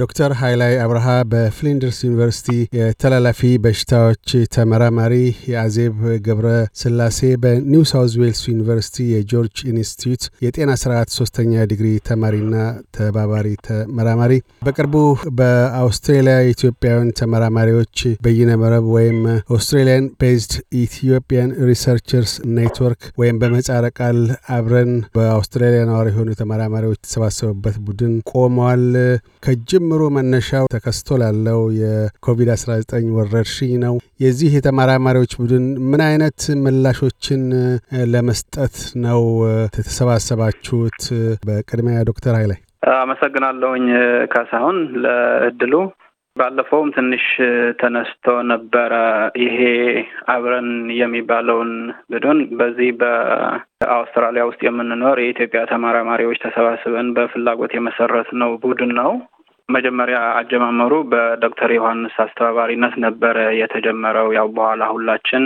ዶክተር ሀይላይ አብርሃ በፍሊንደርስ ዩኒቨርሲቲ የተላላፊ በሽታዎች ተመራማሪ፣ የአዜብ ገብረ ስላሴ በኒው ሳውዝ ዌልስ ዩኒቨርሲቲ የጆርጅ ኢንስቲትዩት የጤና ስርዓት ሶስተኛ ዲግሪ ተማሪና ተባባሪ ተመራማሪ፣ በቅርቡ በአውስትሬሊያ የኢትዮጵያውያን ተመራማሪዎች በይነ መረብ ወይም ኦስትሬሊያን ቤዝድ ኢትዮጵያን ሪሰርቸርስ ኔትወርክ ወይም በመጻረ ቃል አብረን በአውስትራሊያ ነዋሪ የሆኑ ተመራማሪዎች የተሰባሰቡበት ቡድን ቆመዋል። ከጅም ጀምሮ መነሻው ተከስቶ ላለው የኮቪድ-19 ወረርሽኝ ነው። የዚህ የተመራማሪዎች ቡድን ምን አይነት ምላሾችን ለመስጠት ነው የተሰባሰባችሁት? በቅድሚያ ዶክተር ኃይላይ አመሰግናለሁኝ ካሳሁን ለእድሉ። ባለፈውም ትንሽ ተነስቶ ነበረ ይሄ አብረን የሚባለውን ቡድን በዚህ በአውስትራሊያ ውስጥ የምንኖር የኢትዮጵያ ተመራማሪዎች ተሰባስበን በፍላጎት የመሰረት ነው ቡድን ነው። መጀመሪያ አጀማመሩ በዶክተር ዮሐንስ አስተባባሪነት ነበረ የተጀመረው። ያው በኋላ ሁላችን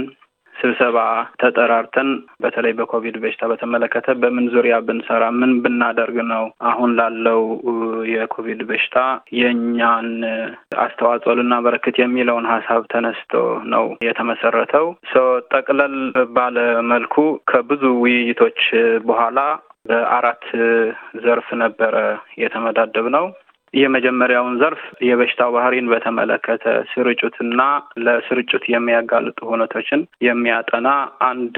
ስብሰባ ተጠራርተን በተለይ በኮቪድ በሽታ በተመለከተ በምን ዙሪያ ብንሰራ ምን ብናደርግ ነው አሁን ላለው የኮቪድ በሽታ የእኛን አስተዋጽኦ ልናበረክት የሚለውን ሀሳብ ተነስቶ ነው የተመሰረተው። ጠቅለል ባለ መልኩ ከብዙ ውይይቶች በኋላ በአራት ዘርፍ ነበረ የተመዳደብ ነው። የመጀመሪያውን ዘርፍ የበሽታው ባህሪን በተመለከተ ስርጭትና ለስርጭት የሚያጋልጡ ሁነቶችን የሚያጠና አንድ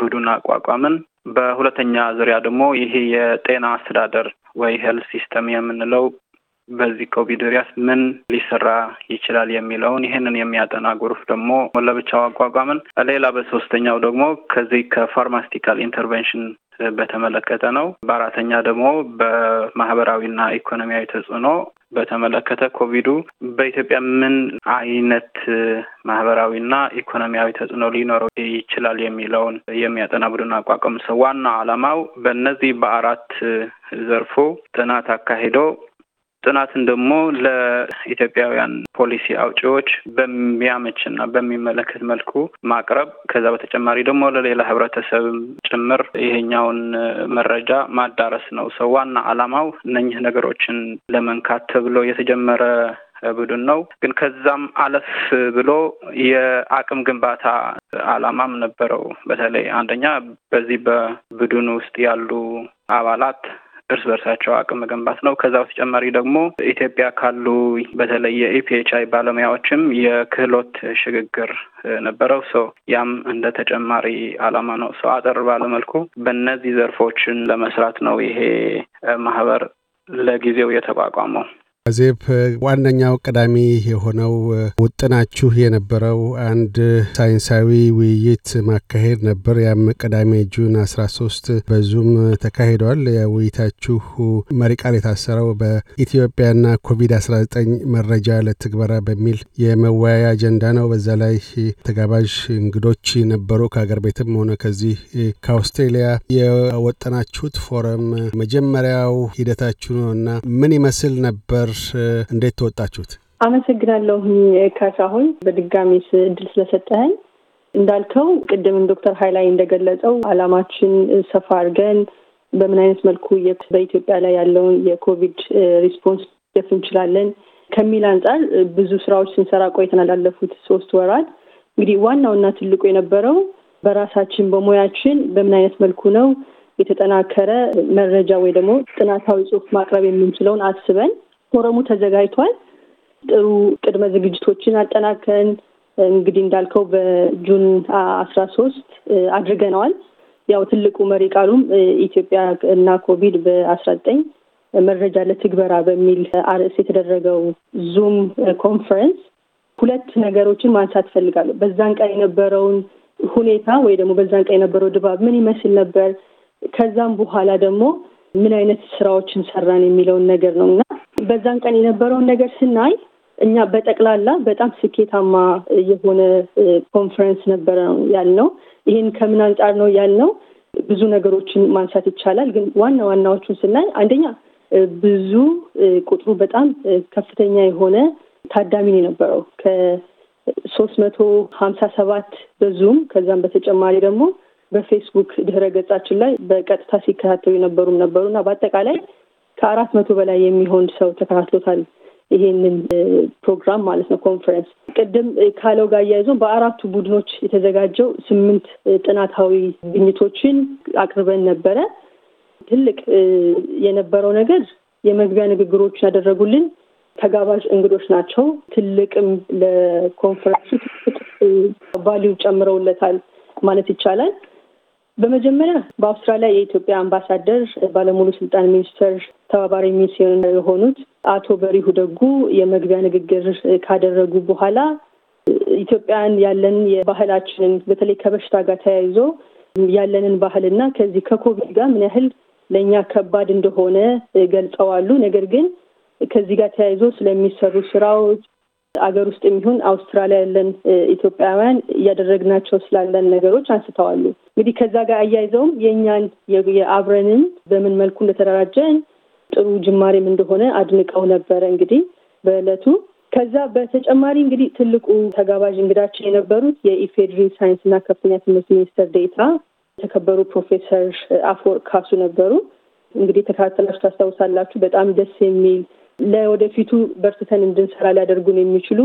ቡድን አቋቋምን። በሁለተኛ ዙሪያ ደግሞ ይሄ የጤና አስተዳደር ወይ ሄልት ሲስተም የምንለው በዚህ ኮቪድ ዙሪያ ምን ሊሰራ ይችላል የሚለውን ይህንን የሚያጠና ጉሩፍ ደግሞ ለብቻው አቋቋምን። ሌላ በሶስተኛው ደግሞ ከዚህ ከፋርማስቲካል ኢንተርቬንሽን በተመለከተ ነው። በአራተኛ ደግሞ በማህበራዊና ኢኮኖሚያዊ ተጽዕኖ በተመለከተ ኮቪዱ በኢትዮጵያ ምን አይነት ማህበራዊና ኢኮኖሚያዊ ተጽዕኖ ሊኖረው ይችላል የሚለውን የሚያጠና ቡድን አቋቋም ዋና ዓላማው በእነዚህ በአራት ዘርፎ ጥናት አካሂዶ ጥናትን ደግሞ ለኢትዮጵያውያን ፖሊሲ አውጪዎች በሚያመች ና በሚመለከት መልኩ ማቅረብ ከዛ በተጨማሪ ደግሞ ለሌላ ህብረተሰብ ጭምር ይሄኛውን መረጃ ማዳረስ ነው። ሰው ዋና አላማው እነኝህ ነገሮችን ለመንካት ተብሎ የተጀመረ ቡድን ነው። ግን ከዛም አለፍ ብሎ የአቅም ግንባታ አላማም ነበረው። በተለይ አንደኛ በዚህ በቡድን ውስጥ ያሉ አባላት እርስ በርሳቸው አቅም መገንባት ነው። ከዛ በተጨማሪ ደግሞ ኢትዮጵያ ካሉ በተለይ አይ ባለሙያዎችም የክህሎት ሽግግር ነበረው። ሶ ያም እንደ ተጨማሪ አላማ ነው። ሶ አጠር ባለመልኩ በእነዚህ ዘርፎችን ለመስራት ነው ይሄ ማህበር ለጊዜው የተቋቋመው። አዜብ፣ ዋነኛው ቀዳሚ የሆነው ውጥናችሁ የነበረው አንድ ሳይንሳዊ ውይይት ማካሄድ ነበር። ያም ቅዳሜ ጁን 13 በዙም ተካሂደዋል። የውይይታችሁ መሪ ቃል የታሰረው በኢትዮጵያና ኮቪድ-19 መረጃ ለትግበራ በሚል የመወያያ አጀንዳ ነው። በዛ ላይ ተጋባዥ እንግዶች ነበሩ ከሀገር ቤትም ሆነ ከዚህ ከአውስትሬሊያ። የወጠናችሁት ፎረም መጀመሪያው ሂደታችሁ ነው እና ምን ይመስል ነበር? እንዴት ተወጣችሁት? አመሰግናለሁ ካሳሁን በድጋሚ እድል ስለሰጠህን። እንዳልከው ቅድምም ዶክተር ሀይላይ እንደገለጸው አላማችን ሰፋ አድርገን በምን አይነት መልኩ በኢትዮጵያ ላይ ያለውን የኮቪድ ሪስፖንስ ደፍ እንችላለን ከሚል አንጻር ብዙ ስራዎች ስንሰራ ቆይተናል። ላለፉት ሶስት ወራት እንግዲህ ዋናውና ትልቁ የነበረው በራሳችን በሙያችን በምን አይነት መልኩ ነው የተጠናከረ መረጃ ወይ ደግሞ ጥናታዊ ጽሁፍ ማቅረብ የምንችለውን አስበን ፎረሙ ተዘጋጅቷል። ጥሩ ቅድመ ዝግጅቶችን አጠናከን እንግዲህ እንዳልከው በጁን አስራ ሶስት አድርገነዋል። ያው ትልቁ መሪ ቃሉም ኢትዮጵያ እና ኮቪድ በአስራ ዘጠኝ መረጃ ለትግበራ በሚል አርዕስ የተደረገው ዙም ኮንፈረንስ ሁለት ነገሮችን ማንሳት እፈልጋለሁ። በዛን ቀን የነበረውን ሁኔታ ወይ ደግሞ በዛን ቀን የነበረው ድባብ ምን ይመስል ነበር፣ ከዛም በኋላ ደግሞ ምን አይነት ስራዎችን ሰራን የሚለውን ነገር ነው እና በዛን ቀን የነበረውን ነገር ስናይ እኛ በጠቅላላ በጣም ስኬታማ የሆነ ኮንፈረንስ ነበረ ያልነው። ይህን ከምን አንጻር ነው ያልነው? ብዙ ነገሮችን ማንሳት ይቻላል፣ ግን ዋና ዋናዎቹን ስናይ አንደኛ ብዙ ቁጥሩ በጣም ከፍተኛ የሆነ ታዳሚ ነው የነበረው ከሶስት መቶ ሀምሳ ሰባት በዙም ከዛም በተጨማሪ ደግሞ በፌስቡክ ድህረ ገጻችን ላይ በቀጥታ ሲከታተሉ የነበሩም ነበሩ እና በአጠቃላይ ከአራት መቶ በላይ የሚሆን ሰው ተከታትሎታል ይሄንን ፕሮግራም ማለት ነው ኮንፈረንስ። ቅድም ካለው ጋር አያይዞ በአራቱ ቡድኖች የተዘጋጀው ስምንት ጥናታዊ ግኝቶችን አቅርበን ነበረ። ትልቅ የነበረው ነገር የመግቢያ ንግግሮችን ያደረጉልን ተጋባዥ እንግዶች ናቸው። ትልቅም ለኮንፈረንሱ ትልቅ ቫሊዩ ጨምረውለታል ማለት ይቻላል። በመጀመሪያ በአውስትራሊያ የኢትዮጵያ አምባሳደር ባለሙሉ ስልጣን ሚኒስትር ተባባሪ ሚስዮን የሆኑት አቶ በሪሁ ደጉ የመግቢያ ንግግር ካደረጉ በኋላ ኢትዮጵያን ያለን የባህላችንን በተለይ ከበሽታ ጋር ተያይዞ ያለንን ባህልና ከዚህ ከኮቪድ ጋር ምን ያህል ለእኛ ከባድ እንደሆነ ገልጸዋሉ። ነገር ግን ከዚህ ጋር ተያይዞ ስለሚሰሩ ስራዎች አገር ውስጥ የሚሆን አውስትራሊያ ያለን ኢትዮጵያውያን እያደረግናቸው ስላለን ነገሮች አንስተዋሉ። እንግዲህ ከዛ ጋር አያይዘውም የእኛን የአብረንን በምን መልኩ እንደተደራጀን ጥሩ ጅማሬም እንደሆነ አድንቀው ነበረ እንግዲህ በእለቱ። ከዛ በተጨማሪ እንግዲህ ትልቁ ተጋባዥ እንግዳችን የነበሩት የኢፌድሪ ሳይንስና ከፍተኛ ትምህርት ሚኒስትር ዴታ የተከበሩ ፕሮፌሰር አፈወርቅ ካሱ ነበሩ። እንግዲህ ተከታተላችሁ ታስታውሳላችሁ። በጣም ደስ የሚል ለወደፊቱ በርትተን እንድንሰራ ሊያደርጉን የሚችሉ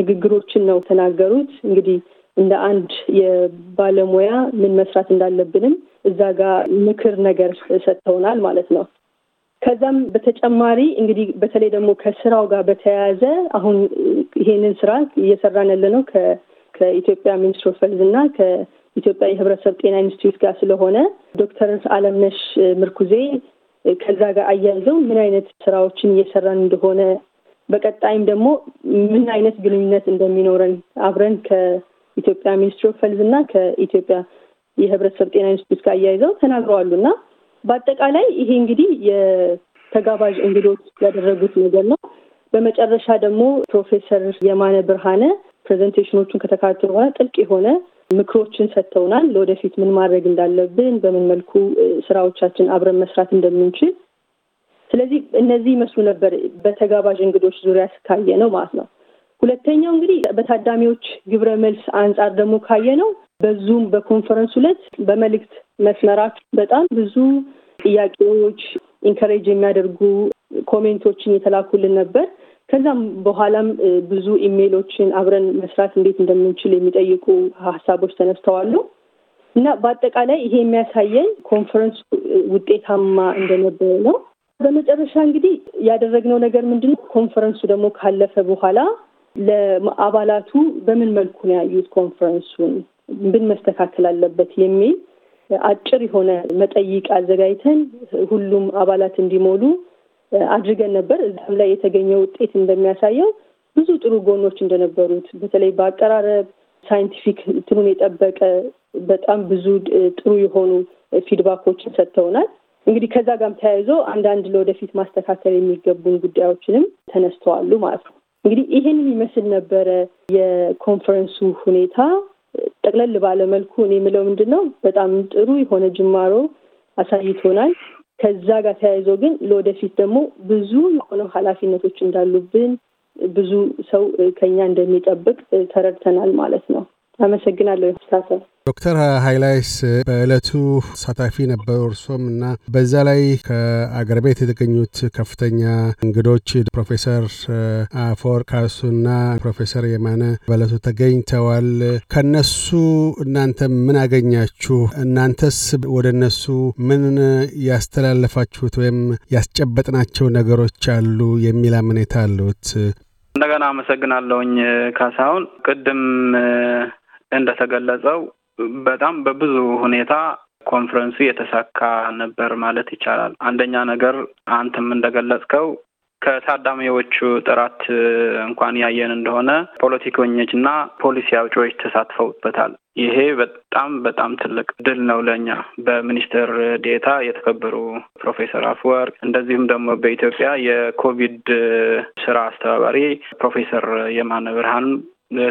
ንግግሮችን ነው ተናገሩት እንግዲህ እንደ አንድ የባለሙያ ምን መስራት እንዳለብንም እዛ ጋር ምክር ነገር ሰጥተውናል ማለት ነው። ከዛም በተጨማሪ እንግዲህ በተለይ ደግሞ ከስራው ጋር በተያያዘ አሁን ይሄንን ስራ እየሰራን ያለ ነው ከኢትዮጵያ ሚኒስትር ኦፍ ሄልዝ እና ከኢትዮጵያ የህብረተሰብ ጤና ኢንስቲትዩት ጋር ስለሆነ ዶክተር አለምነሽ ምርኩዜ ከዛ ጋር አያይዘው ምን አይነት ስራዎችን እየሰራን እንደሆነ በቀጣይም ደግሞ ምን አይነት ግንኙነት እንደሚኖረን አብረን ኢትዮጵያ ሚኒስትሪ ኦፍ ሄልዝ እና ከኢትዮጵያ የህብረተሰብ ጤና ኢንስቲትዩት ጋር አያይዘው ተናግረዋሉ እና በአጠቃላይ ይሄ እንግዲህ የተጋባዥ እንግዶች ያደረጉት ነገር ነው። በመጨረሻ ደግሞ ፕሮፌሰር የማነ ብርሃነ ፕሬዘንቴሽኖቹን ከተካተሉ በኋላ ጥልቅ የሆነ ምክሮችን ሰጥተውናል። ለወደፊት ምን ማድረግ እንዳለብን፣ በምን መልኩ ስራዎቻችን አብረን መስራት እንደምንችል። ስለዚህ እነዚህ ይመስሉ ነበር በተጋባዥ እንግዶች ዙሪያ ስካየ ነው ማለት ነው። ሁለተኛው እንግዲህ በታዳሚዎች ግብረ መልስ አንጻር ደግሞ ካየ ነው በዙም በኮንፈረንስ ሁለት በመልእክት መስመራት በጣም ብዙ ጥያቄዎች ኢንከሬጅ የሚያደርጉ ኮሜንቶችን የተላኩልን ነበር። ከዛም በኋላም ብዙ ኢሜይሎችን አብረን መስራት እንዴት እንደምንችል የሚጠይቁ ሀሳቦች ተነስተዋሉ እና በአጠቃላይ ይሄ የሚያሳየን ኮንፈረንስ ውጤታማ እንደነበረ ነው። በመጨረሻ እንግዲህ ያደረግነው ነገር ምንድነው ኮንፈረንሱ ደግሞ ካለፈ በኋላ ለአባላቱ በምን መልኩ ነው ያዩት ኮንፈረንሱን፣ ምን መስተካከል አለበት የሚል አጭር የሆነ መጠይቅ አዘጋጅተን ሁሉም አባላት እንዲሞሉ አድርገን ነበር። እዛም ላይ የተገኘው ውጤት እንደሚያሳየው ብዙ ጥሩ ጎኖች እንደነበሩት በተለይ በአቀራረብ ሳይንቲፊክ ትኑን የጠበቀ በጣም ብዙ ጥሩ የሆኑ ፊድባኮችን ሰጥተውናል። እንግዲህ ከዛ ጋርም ተያይዞ አንዳንድ ለወደፊት ማስተካከል የሚገቡን ጉዳዮችንም ተነስተዋሉ ማለት ነው። እንግዲህ ይሄን የሚመስል ነበረ የኮንፈረንሱ ሁኔታ። ጠቅለል ባለመልኩ እኔ የምለው ምንድን ነው በጣም ጥሩ የሆነ ጅማሮ አሳይቶናል። ከዛ ጋር ተያይዞ ግን ለወደፊት ደግሞ ብዙ የሆነ ኃላፊነቶች እንዳሉብን ብዙ ሰው ከኛ እንደሚጠብቅ ተረድተናል ማለት ነው። አመሰግናለሁ። ዶክተር ሀይላይስ በዕለቱ ተሳታፊ ነበሩ እርሶም እና በዛ ላይ ከአገር ቤት የተገኙት ከፍተኛ እንግዶች ፕሮፌሰር አፎር ካሱ እና ፕሮፌሰር የማነ በዕለቱ ተገኝተዋል። ከነሱ እናንተ ምን አገኛችሁ? እናንተስ ወደ እነሱ ምን ያስተላለፋችሁት ወይም ያስጨበጥናቸው ነገሮች አሉ የሚል አመኔታ አሉት? እንደገና አመሰግናለሁኝ ካሳሁን ቅድም እንደተገለጸው በጣም በብዙ ሁኔታ ኮንፈረንሱ የተሳካ ነበር ማለት ይቻላል። አንደኛ ነገር አንተም እንደገለጽከው ከታዳሚዎቹ ጥራት እንኳን ያየን እንደሆነ ፖለቲከኞች እና ፖሊሲ አውጪዎች ተሳትፈውበታል። ይሄ በጣም በጣም ትልቅ ድል ነው ለእኛ በሚኒስትር ዴታ የተከበሩ ፕሮፌሰር አፍወርቅ እንደዚሁም ደግሞ በኢትዮጵያ የኮቪድ ስራ አስተባባሪ ፕሮፌሰር የማነ ብርሃን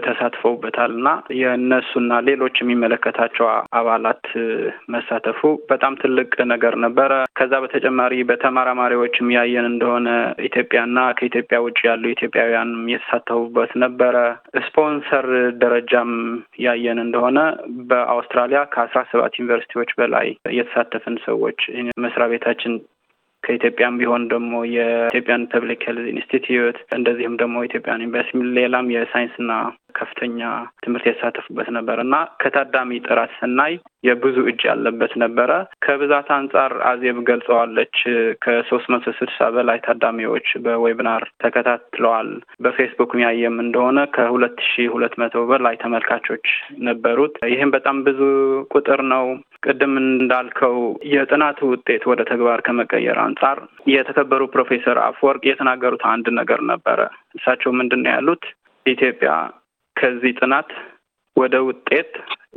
ተሳትፈውበታል እና የእነሱና ሌሎች የሚመለከታቸው አባላት መሳተፉ በጣም ትልቅ ነገር ነበረ። ከዛ በተጨማሪ በተመራማሪዎችም ያየን እንደሆነ ኢትዮጵያና ከኢትዮጵያ ውጭ ያሉ ኢትዮጵያውያን የተሳተፉበት ነበረ። ስፖንሰር ደረጃም ያየን እንደሆነ በአውስትራሊያ ከአስራ ሰባት ዩኒቨርሲቲዎች በላይ የተሳተፍን ሰዎች መስሪያ ቤታችን ከኢትዮጵያም ቢሆን ደግሞ የኢትዮጵያን ፐብሊክ ሄልዝ ኢንስቲትዩት እንደዚህም ደግሞ ኢትዮጵያን ዩኒቨርሲቲ ሌላም የሳይንስና ከፍተኛ ትምህርት የተሳተፉበት ነበር እና ከታዳሚ ጥራት ስናይ የብዙ እጅ ያለበት ነበረ። ከብዛት አንጻር አዜብ ገልጸዋለች። ከሶስት መቶ ስድሳ በላይ ታዳሚዎች በዌብናር ተከታትለዋል። በፌስቡክ ያየም እንደሆነ ከሁለት ሺ ሁለት መቶ በላይ ተመልካቾች ነበሩት። ይህም በጣም ብዙ ቁጥር ነው። ቅድም እንዳልከው የጥናት ውጤት ወደ ተግባር ከመቀየር አንጻር የተከበሩ ፕሮፌሰር አፈወርቅ የተናገሩት አንድ ነገር ነበረ። እሳቸው ምንድን ነው ያሉት? ኢትዮጵያ ከዚህ ጥናት ወደ ውጤት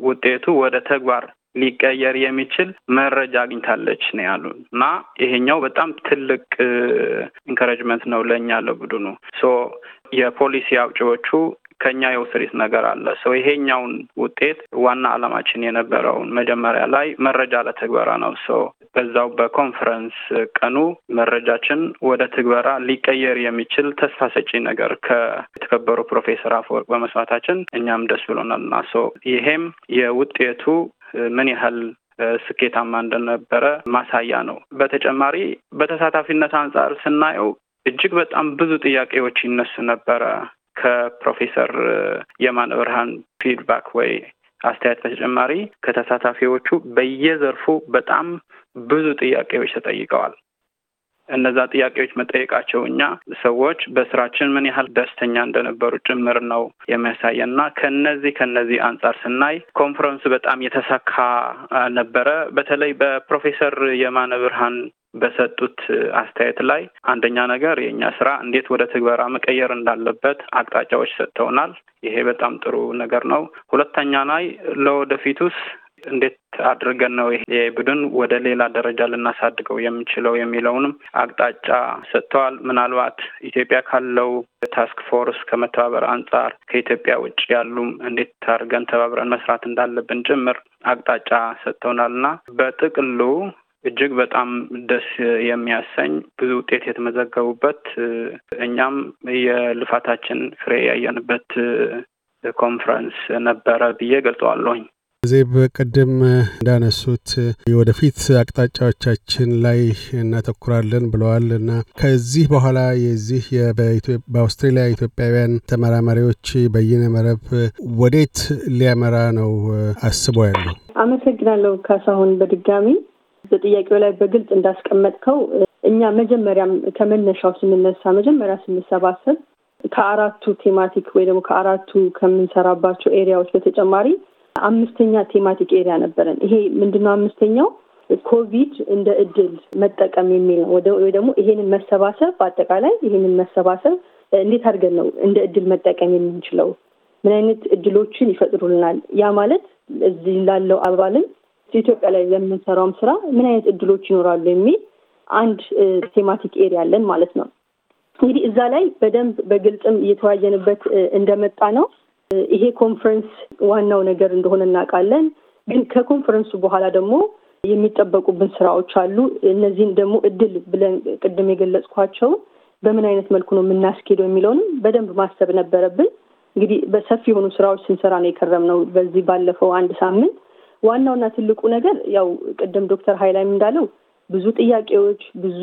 ውጤቱ ወደ ተግባር ሊቀየር የሚችል መረጃ አግኝታለች ነው ያሉ እና ይሄኛው በጣም ትልቅ ኢንከሬጅመንት uh, ነው ለእኛ ለቡድኑ። ሶ የፖሊሲ አውጪዎቹ ከኛ የውስሪት ነገር አለ ሰው ይሄኛውን ውጤት ዋና አላማችን የነበረውን መጀመሪያ ላይ መረጃ ለትግበራ ነው ሰው በዛው በኮንፈረንስ ቀኑ መረጃችን ወደ ትግበራ ሊቀየር የሚችል ተስፋ ሰጪ ነገር ከተከበሩ ፕሮፌሰር አፈወርቅ በመስማታችን እኛም ደስ ብሎናል ና ሰው ይሄም የውጤቱ ምን ያህል ስኬታማ እንደነበረ ማሳያ ነው። በተጨማሪ በተሳታፊነት አንጻር ስናየው እጅግ በጣም ብዙ ጥያቄዎች ይነሱ ነበረ። ከፕሮፌሰር የማነ ብርሃን ፊድባክ ወይ አስተያየት በተጨማሪ ከተሳታፊዎቹ በየዘርፉ በጣም ብዙ ጥያቄዎች ተጠይቀዋል። እነዛ ጥያቄዎች መጠየቃቸው እኛ ሰዎች በስራችን ምን ያህል ደስተኛ እንደነበሩ ጭምር ነው የሚያሳየን እና ከነዚህ ከነዚህ አንጻር ስናይ ኮንፈረንሱ በጣም የተሳካ ነበረ። በተለይ በፕሮፌሰር የማነ ብርሃን በሰጡት አስተያየት ላይ አንደኛ ነገር የእኛ ስራ እንዴት ወደ ትግበራ መቀየር እንዳለበት አቅጣጫዎች ሰጥተውናል። ይሄ በጣም ጥሩ ነገር ነው። ሁለተኛ ላይ ለወደፊቱስ እንዴት አድርገን ነው ይሄ ቡድን ወደ ሌላ ደረጃ ልናሳድገው የምንችለው የሚለውንም አቅጣጫ ሰጥተዋል። ምናልባት ኢትዮጵያ ካለው ታስክ ፎርስ ከመተባበር አንጻር ከኢትዮጵያ ውጭ ያሉም እንዴት አድርገን ተባብረን መስራት እንዳለብን ጭምር አቅጣጫ ሰጥተውናል እና በጥቅሉ እጅግ በጣም ደስ የሚያሰኝ ብዙ ውጤት የተመዘገቡበት እኛም የልፋታችን ፍሬ ያየንበት ኮንፈረንስ ነበረ ብዬ ገልጸዋለሁኝ። ዜብ ቅድም እንዳነሱት የወደፊት አቅጣጫዎቻችን ላይ እናተኩራለን ብለዋል እና ከዚህ በኋላ የዚህ በአውስትሬሊያ ኢትዮጵያውያን ተመራማሪዎች በይነ መረብ ወዴት ሊያመራ ነው አስቦ ያለው? አመሰግናለሁ ካሳሁን በድጋሚ በጥያቄው ላይ በግልጽ እንዳስቀመጥከው እኛ መጀመሪያም ከመነሻው ስንነሳ መጀመሪያ ስንሰባሰብ ከአራቱ ቴማቲክ ወይ ደግሞ ከአራቱ ከምንሰራባቸው ኤሪያዎች በተጨማሪ አምስተኛ ቴማቲክ ኤሪያ ነበረን። ይሄ ምንድነው? አምስተኛው ኮቪድ እንደ እድል መጠቀም የሚል ነው። ወይ ደግሞ ይሄንን መሰባሰብ በአጠቃላይ ይሄንን መሰባሰብ እንዴት አድርገን ነው እንደ እድል መጠቀም የምንችለው? ምን አይነት እድሎችን ይፈጥሩልናል? ያ ማለት እዚህ ላለው አባልን ኢትዮጵያ ላይ ለምንሰራውም ስራ ምን አይነት እድሎች ይኖራሉ የሚል አንድ ቴማቲክ ኤሪያ አለን ማለት ነው። እንግዲህ እዛ ላይ በደንብ በግልጽም እየተወያየንበት እንደመጣ ነው። ይሄ ኮንፈረንስ ዋናው ነገር እንደሆነ እናውቃለን። ግን ከኮንፈረንሱ በኋላ ደግሞ የሚጠበቁብን ስራዎች አሉ። እነዚህን ደግሞ እድል ብለን ቅድም የገለጽኳቸው በምን አይነት መልኩ ነው የምናስኬደው የሚለውንም በደንብ ማሰብ ነበረብን። እንግዲህ በሰፊ የሆኑ ስራዎች ስንሰራ ነው የከረም ነው። በዚህ ባለፈው አንድ ሳምንት ዋናውና ትልቁ ነገር ያው ቅድም ዶክተር ሀይላይም እንዳለው ብዙ ጥያቄዎች፣ ብዙ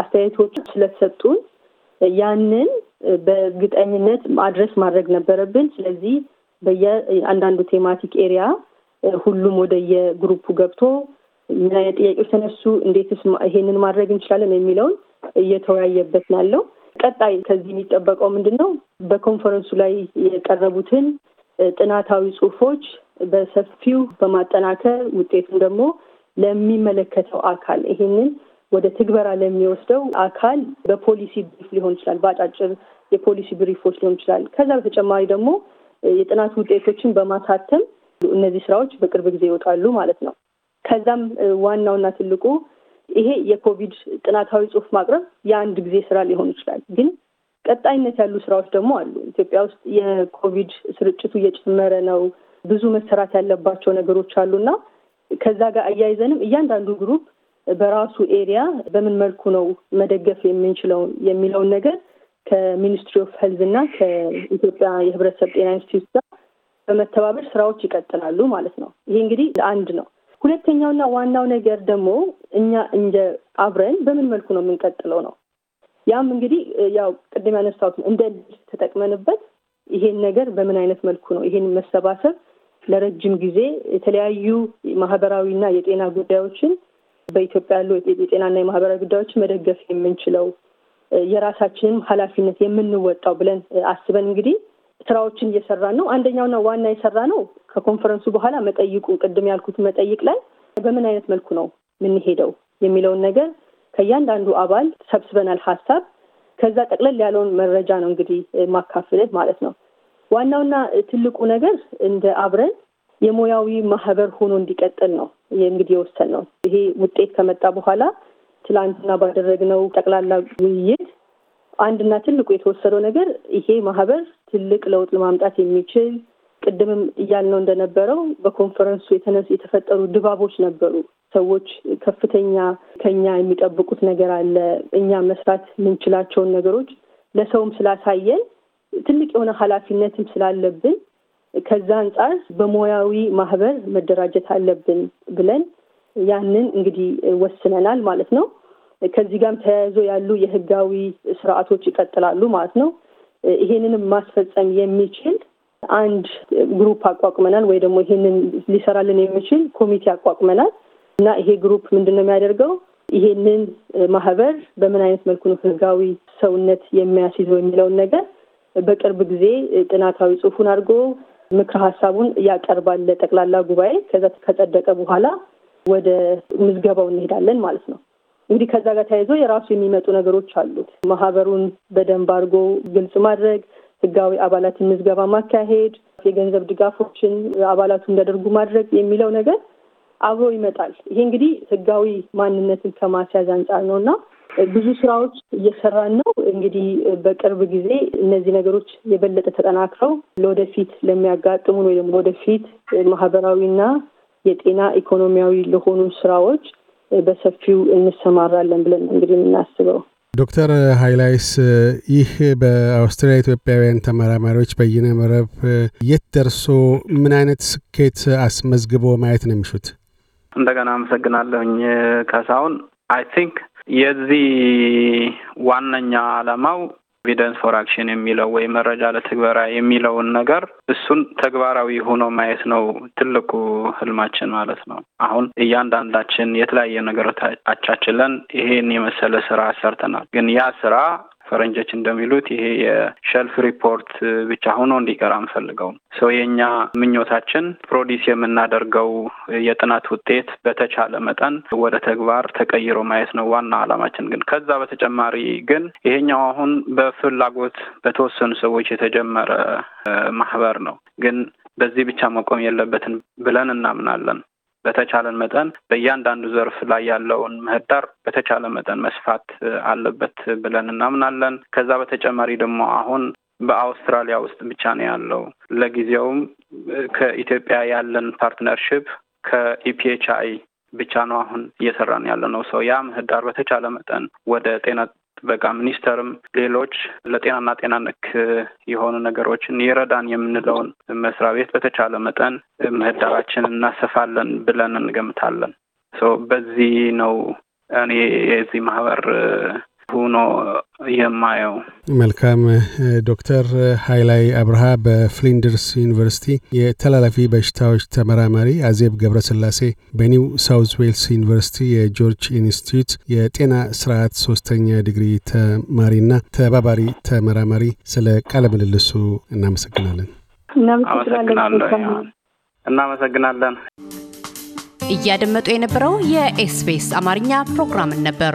አስተያየቶች ስለተሰጡን ያንን በእርግጠኝነት አድረስ ማድረግ ነበረብን። ስለዚህ በየአንዳንዱ ቴማቲክ ኤሪያ ሁሉም ወደ የግሩፑ ገብቶ ምን አይነት ጥያቄዎች ተነሱ፣ እንዴትስ ይሄንን ማድረግ እንችላለን የሚለውን እየተወያየበት ያለው ቀጣይ ከዚህ የሚጠበቀው ምንድን ነው? በኮንፈረንሱ ላይ የቀረቡትን ጥናታዊ ጽሁፎች? በሰፊው በማጠናከር ውጤቱን ደግሞ ለሚመለከተው አካል ይሄንን ወደ ትግበራ ለሚወስደው አካል በፖሊሲ ብሪፍ ሊሆን ይችላል፣ በአጫጭር የፖሊሲ ብሪፎች ሊሆን ይችላል። ከዛ በተጨማሪ ደግሞ የጥናት ውጤቶችን በማሳተም እነዚህ ስራዎች በቅርብ ጊዜ ይወጣሉ ማለት ነው። ከዛም ዋናውና ትልቁ ይሄ የኮቪድ ጥናታዊ ጽሑፍ ማቅረብ የአንድ ጊዜ ስራ ሊሆን ይችላል፣ ግን ቀጣይነት ያሉ ስራዎች ደግሞ አሉ። ኢትዮጵያ ውስጥ የኮቪድ ስርጭቱ እየጨመረ ነው፣ ብዙ መሰራት ያለባቸው ነገሮች አሉና ከዛ ጋር አያይዘንም እያንዳንዱ ግሩፕ በራሱ ኤሪያ በምን መልኩ ነው መደገፍ የምንችለው የሚለውን ነገር ከሚኒስትሪ ኦፍ ሄልዝ እና ከኢትዮጵያ የህብረተሰብ ጤና ኢንስቲትዩት ጋር በመተባበር ስራዎች ይቀጥላሉ ማለት ነው። ይሄ እንግዲህ አንድ ነው። ሁለተኛውና ዋናው ነገር ደግሞ እኛ እንደ አብረን በምን መልኩ ነው የምንቀጥለው ነው። ያም እንግዲህ ያው ቅድም ያነሳሁት እንደ ተጠቅመንበት ይሄን ነገር በምን አይነት መልኩ ነው ይሄን መሰባሰብ ለረጅም ጊዜ የተለያዩ ማህበራዊና የጤና ጉዳዮችን በኢትዮጵያ ያሉ የጤናና የማህበራዊ ጉዳዮችን መደገፍ የምንችለው የራሳችንም ኃላፊነት የምንወጣው ብለን አስበን እንግዲህ ስራዎችን እየሰራን ነው። አንደኛውና ዋና የሰራ ነው ከኮንፈረንሱ በኋላ መጠይቁን ቅድም ያልኩት መጠይቅ ላይ በምን አይነት መልኩ ነው የምንሄደው የሚለውን ነገር ከእያንዳንዱ አባል ሰብስበናል ሀሳብ። ከዛ ጠቅለል ያለውን መረጃ ነው እንግዲህ ማካፍልን ማለት ነው። ዋናውና ትልቁ ነገር እንደ አብረን የሙያዊ ማህበር ሆኖ እንዲቀጥል ነው እንግዲህ የወሰን ነው። ይሄ ውጤት ከመጣ በኋላ ትላንትና ባደረግነው ጠቅላላ ውይይት አንድና ትልቁ የተወሰደው ነገር ይሄ ማህበር ትልቅ ለውጥ ለማምጣት የሚችል ቅድምም እያልነው እንደነበረው በኮንፈረንሱ የተነሱ የተፈጠሩ ድባቦች ነበሩ። ሰዎች ከፍተኛ ከኛ የሚጠብቁት ነገር አለ። እኛ መስራት የምንችላቸውን ነገሮች ለሰውም ስላሳየን ትልቅ የሆነ ኃላፊነትም ስላለብን ከዛ አንጻር በሙያዊ ማህበር መደራጀት አለብን ብለን ያንን እንግዲህ ወስነናል ማለት ነው። ከዚህ ጋርም ተያይዞ ያሉ የህጋዊ ስርዓቶች ይቀጥላሉ ማለት ነው። ይሄንንም ማስፈጸም የሚችል አንድ ግሩፕ አቋቁመናል፣ ወይ ደግሞ ይሄንን ሊሰራልን የሚችል ኮሚቴ አቋቁመናል እና ይሄ ግሩፕ ምንድን ነው የሚያደርገው? ይሄንን ማህበር በምን አይነት መልኩ ነው ህጋዊ ሰውነት የሚያስይዘው የሚለውን ነገር በቅርብ ጊዜ ጥናታዊ ጽሁፉን አድርጎ ምክረ ሀሳቡን ያቀርባል ለጠቅላላ ጉባኤ። ከዛ ከጸደቀ በኋላ ወደ ምዝገባው እንሄዳለን ማለት ነው። እንግዲህ ከዛ ጋር ተያይዞ የራሱ የሚመጡ ነገሮች አሉት። ማህበሩን በደንብ አድርጎ ግልጽ ማድረግ፣ ህጋዊ አባላትን ምዝገባ ማካሄድ፣ የገንዘብ ድጋፎችን አባላቱ እንዲያደርጉ ማድረግ የሚለው ነገር አብሮ ይመጣል። ይሄ እንግዲህ ህጋዊ ማንነትን ከማስያዝ አንጻር ነው እና ብዙ ስራዎች እየሰራን ነው። እንግዲህ በቅርብ ጊዜ እነዚህ ነገሮች የበለጠ ተጠናክረው ለወደፊት ለሚያጋጥሙን ወይ ደግሞ ወደፊት ማህበራዊና የጤና ኢኮኖሚያዊ ለሆኑ ስራዎች በሰፊው እንሰማራለን ብለን እንግዲህ የምናስበው ዶክተር ሀይላይስ ይህ በአውስትራሊያ ኢትዮጵያውያን ተመራማሪዎች በይነ መረብ የት ደርሶ ምን አይነት ስኬት አስመዝግቦ ማየት ነው የሚሹት? እንደገና አመሰግናለሁኝ ካሳሁን። አይ ቲንክ የዚህ ዋነኛ ዓላማው ኤቪደንስ ፎር አክሽን የሚለው ወይ መረጃ ለትግበራ የሚለውን ነገር እሱን ተግባራዊ ሆኖ ማየት ነው ትልቁ ህልማችን ማለት ነው። አሁን እያንዳንዳችን የተለያየ ነገር አቻችለን ይሄን የመሰለ ስራ ሰርተናል። ግን ያ ስራ ፈረንጆች እንደሚሉት ይሄ የሸልፍ ሪፖርት ብቻ ሆኖ እንዲቀር አንፈልገውም። ሰው የእኛ ምኞታችን ፕሮዲስ የምናደርገው የጥናት ውጤት በተቻለ መጠን ወደ ተግባር ተቀይሮ ማየት ነው ዋና አላማችን ግን ከዛ በተጨማሪ ግን ይሄኛው አሁን በፍላጎት በተወሰኑ ሰዎች የተጀመረ ማህበር ነው። ግን በዚህ ብቻ መቆም የለበትን ብለን እናምናለን። በተቻለን መጠን በእያንዳንዱ ዘርፍ ላይ ያለውን ምህዳር በተቻለ መጠን መስፋት አለበት ብለን እናምናለን። ከዛ በተጨማሪ ደግሞ አሁን በአውስትራሊያ ውስጥ ብቻ ነው ያለው። ለጊዜውም ከኢትዮጵያ ያለን ፓርትነርሽፕ ከኢፒኤችአይ ብቻ ነው አሁን እየሰራን ያለ ነው ሰው ያ ምህዳር በተቻለ መጠን ወደ ጤና ጥበቃ ሚኒስቴርም ሌሎች ለጤናና ጤና ነክ የሆኑ ነገሮችን ይረዳን የምንለውን መስሪያ ቤት በተቻለ መጠን ምህዳራችን እናሰፋለን ብለን እንገምታለን። በዚህ ነው እኔ የዚህ ማህበር ሆኖ የማየው። መልካም ዶክተር ሀይላይ አብርሃ በፍሊንደርስ ዩኒቨርሲቲ የተላላፊ በሽታዎች ተመራማሪ፣ አዜብ ገብረስላሴ በኒው ሳውዝ ዌልስ ዩኒቨርሲቲ የጆርጅ ኢንስቲትዩት የጤና ስርዓት ሶስተኛ ዲግሪ ተማሪና ተባባሪ ተመራማሪ፣ ስለ ቃለ ምልልሱ እናመሰግናለን። እናመሰግናለን። እያደመጡ የነበረው የኤስቢኤስ አማርኛ ፕሮግራምን ነበር።